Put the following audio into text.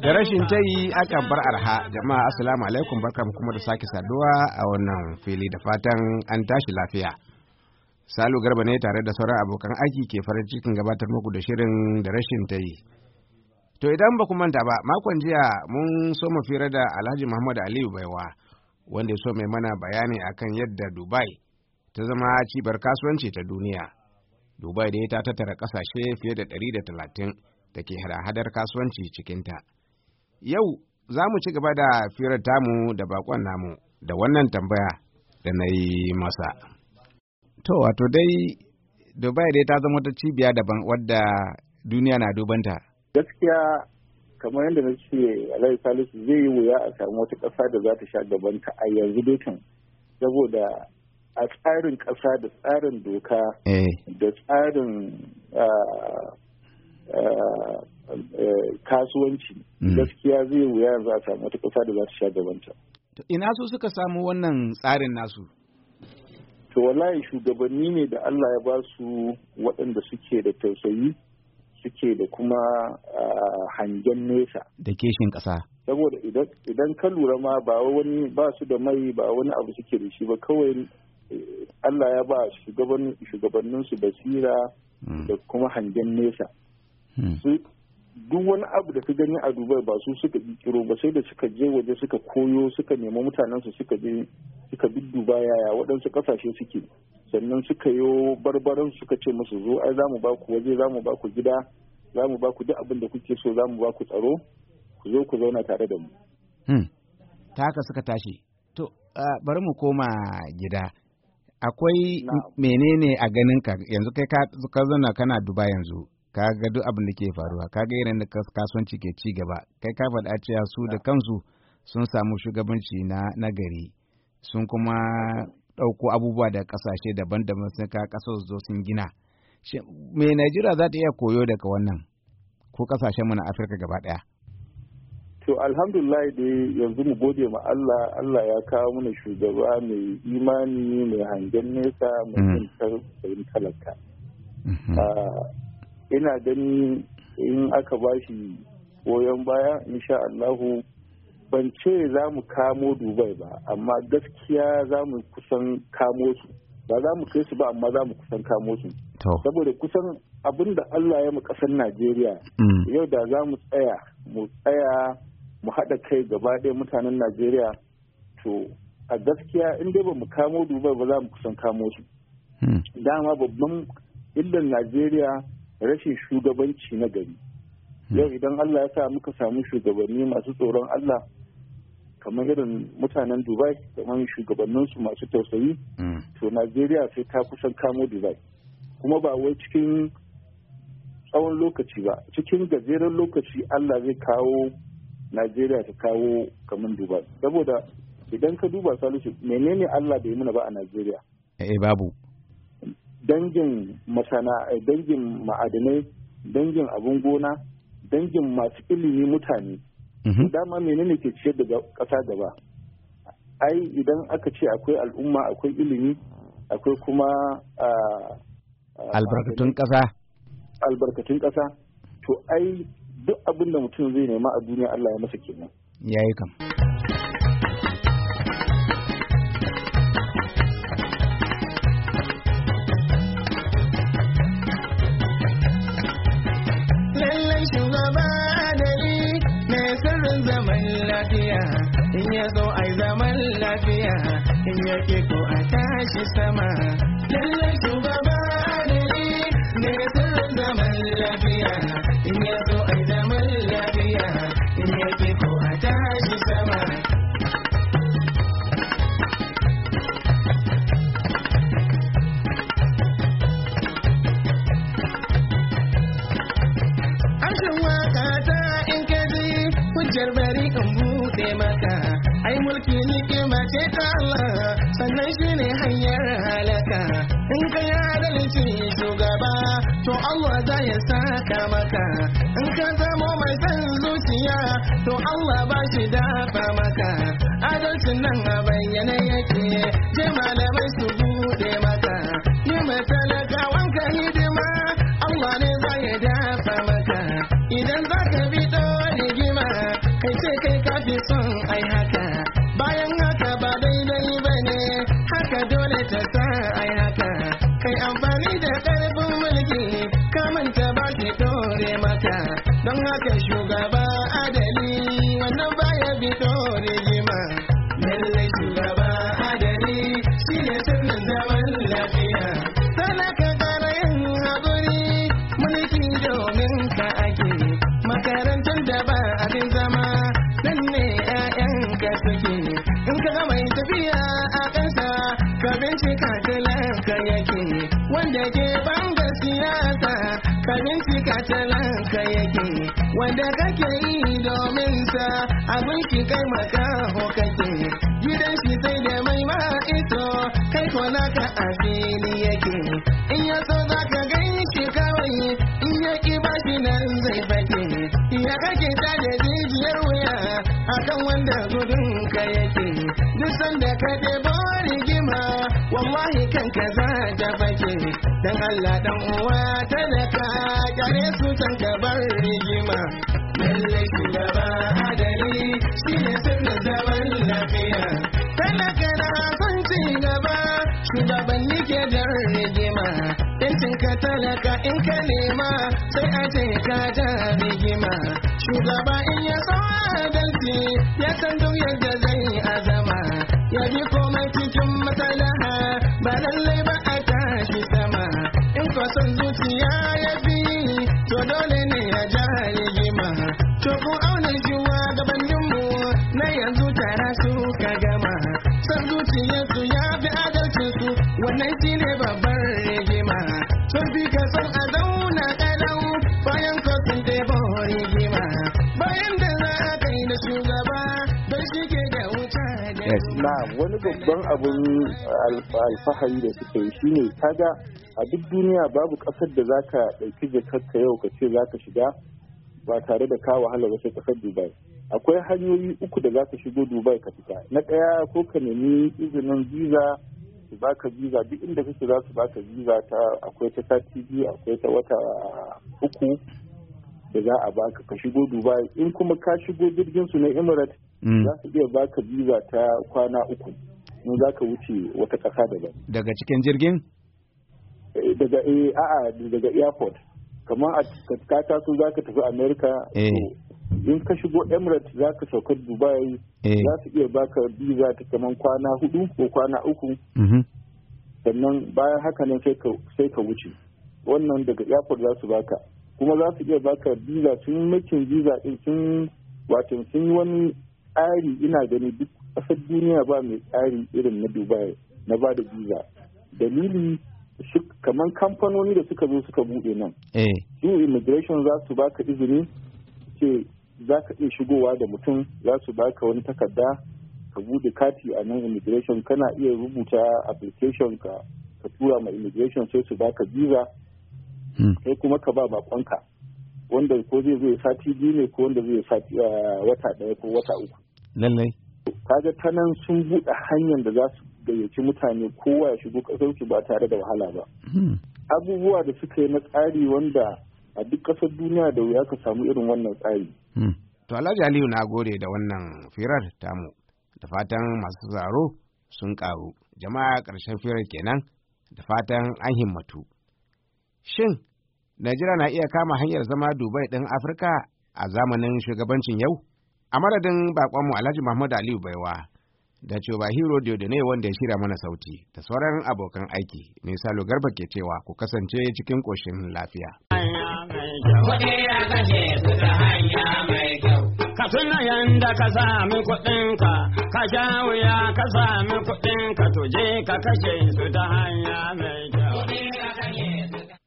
Da rashin ta yi aka bar arha jama'a assalamu alaikum barkam kuma da sake saduwa a wannan fili da fatan an tashi lafiya. Salu Garba ne tare da sauran abokan aiki ke farin cikin gabatar muku da shirin da rashin ta yi. To idan ba ku manta ba makon jiya mun so mu fira da Alhaji Muhammad Aliyu Baiwa wanda ya so mai mana bayani akan yadda Dubai ta zama cibar kasuwanci ta duniya. dubai dai ta tattara ƙasashe fiye da 130 da talatin da ke hada-hadar kasuwanci cikinta yau za mu ci gaba da firar tamu da bakon namu da wannan tambaya da na yi masa to wato dai dubai dai ta zama wata cibiya daban wadda duniya na dubanta gaskiya kamar yadda na ce alayi salisu zai yi wuya a samu wata ƙasa da za ta sha gabanta a yanzu dukan saboda a tsarin ƙasa da tsarin doka eh. da tsarin ah, ah, eh, kasuwanci hmm. gaskiya zai wuya yanzu a samu wata ƙasa da za ta sha gabanta. Ina su suka samu wannan tsarin nasu? To wallahi shugabanni ne da Allah ya ba su waɗanda suke da tausayi suke da kuma ah, hangen nesa. Da keshin ƙasa. Saboda idan ka lura ma ba wani ba su da mai ba wani abu suke da shi ba kawai Allah ya ba shugabannin su basira hmm. da kuma hangen nesa. Hmm. Duk wani abu da ka gani a Dubai ba su suka kiro ba sai da suka je waje suka koyo suka nemi mutanensu suka je suka Dubai yaya waɗansu ƙasashe suke sannan suka yi barbaran suka ce musu zo ai za mu ba ku waje za mu ba ku gida za mu ba ku duk abin da kuke so za mu ba ku tsaro ku zo ku zauna tare da mu. Hmm. Ta haka suka tashi. To, bari mu koma gida. akwai menene a ganin ka yanzu kai ka zauna kana duba yanzu ka ga duk abin da ke faruwa ka ga yanayin da kasuwanci ke ci gaba kai ka faɗa cewa su da kansu sun samu shugabanci na nagari sun kuma ɗauko abubuwa da ƙasashe daban-daban sun ka ƙasar zo sun gina me Najeriya za ta iya koyo daga wannan ko ƙasashen mu na Afirka gaba ɗaya To alhamdulillah dai yanzu mu gode ma Allah Allah ya kawo mana shugaba mai imani mai hangen nesa mai mm-hmm. yin talaka. Mm-hmm. Ah, ina gani in aka ba shi goyon baya insha Allahu ban ce za mu kamo Dubai ba amma gaskiya za mu kusan kamo su ba za mu kai su ba amma za mu kusan kamo su. Saboda kusan abin Allah ya mu ƙasar Najeriya mm. yau da za mu tsaya mu tsaya mu haɗa kai gaba ɗaya mutanen najeriya to a gaskiya in dai ba mu kamo dubai ba za mu kusan kamo su hmm. dama babban illar najeriya rashin shugabanci na gari hmm. yau idan allah ya sa muka samu shugabanni masu tsoron allah kamar irin mutanen dubai kamar shugabanninsu masu tausayi hmm. to najeriya sai ta kusan kamo dubai kuma ba wai cikin tsawon lokaci ba cikin gajeren lokaci allah zai kawo najeriya ta kawo kamar duba saboda idan ka duba salisu menene allah bai muna ba a najeriya eh babu dangin masana eh, dangin ma'adanai dangin abun gona dangin masu ilimi mutane mhm. dama menene ke ciyar da ƙasa gaba ai idan aka ce akwai al'umma akwai ilimi akwai kuma ah, ah, albarkatun ƙasa albarkatun ƙasa to ai duk abin da mutum zai nema a duniya Allah ya masa kenan yi kam lallai shugaba adali ne sirrin zaman lafiya in ya zo ai zaman lafiya in ya ke ko a tashi sama lallai to Allah za ya saka maka in ka zamo mai san zuciya to Allah ba shi dafa maka adalcin nan a bayyane yake je malamai su bude maka yi mai talaka wanka hidima Allah ne za ya dafa maka idan za ka bi ɗorigima kai ce kai kafi son yake in ka mai tafiya a ƙasa ka bincika talanka yake wanda ke banga siyasa ka bincika ka yake wanda kake yi domin sa abin ki kai makaho kake gidan shi sai da mai ma ito kai kona ka asiri ka ɗebo rigima wallahi kan ka za ta dan Allah dan uwa talaka kyale su can ka bar rigima lalle shugaba adali shi ne sirrin zaman lafiya talaka na son ci gaba shugabanni ke da rigima yancin ka talaka in ka nema sai a ce ka ta rigima shugaba in ya so adalci ya san duk zuciya ya bi to dole ne ya ja rigima to ku auna shuwa gabaninmu na yanzu tara su ka gama san zuciyarsu ya bi adalcinsu wannan shi ne babbar rigima sun bi ka son a zauna kalau bayan ko sun rigima bayan da za a kai da shugaba don shi ke na wani babban abin alfahari da suka yi shine kaga a duk duniya babu kasar da za ka ɗauki jakarta yau ka ce za ka shiga ba tare da ka wahala ba sai kasar dubai akwai hanyoyi uku da za ka shigo dubai ka fita na ɗaya ko ka nemi izinin visa su baka visa duk inda kake za su baka visa ta akwai ta sati biyu akwai ta wata uku da za a baka ka shigo dubai in kuma ka shigo jirgin su na emirates Mm. za su iya baka biza ta kwana uku in za ka wuce wata ƙasa daban. Daga cikin jirgin? Eh, daga eh, a'a daga airport. Kamar a ka taso za ka tafi Amerika. Eh. In ka shigo Emirates za ka saukar Dubai za su iya baka biza ta kamar kwana hudu ko kwana uku. Mm-hmm. Sannan bayan haka nan sai ka wuce. Wannan daga airport za su baka. Kuma za su iya baka biza sun makin biza din sun wato sun yi wani tsari ina gani duk ƙasar duniya ba mai tsari irin na dubai na ba da visa dalili kamar kamfanoni da suka zo suka buɗe nan eh. su immigration za su baka izini ce za ka iya shigowa da mutum za su baka wani takarda ka buɗe kati a nan immigration kana iya rubuta application ka ka tura ma immigration sai su baka visa sai hmm. kuma ka ba bakonka wanda ko zai zai sati biyu ne ko wanda zai sati eh, wata ɗaya ko wata uku lallai kaga ta nan sun buɗe hanyar da za su gayyaci mutane kowa ya shigo ƙasarsu ba tare da wahala ba hmm. abubuwa da suka yi na tsari wanda a duk ƙasar duniya da wuya ka samu irin wannan tsari hmm. to alhaji aliyu na gode da wannan firar tamu da fatan masu tsaro sun ƙaru jama'a ƙarshen firar kenan da fatan an himmatu shin najeriya na iya kama hanyar zama dubai ɗin afirka a zamanin shugabancin yau a madadin bakonmu alhaji Muhammad aliyu baiwa da cewa hero ne wanda ya shirya mana sauti da sauran abokan aiki ne salo garba ke cewa ku kasance cikin koshin lafiya ka tuna yanda ka sami kuɗinka ka sha wuya ka sami kuɗinka to je ka kashe su ta hanya mai kyau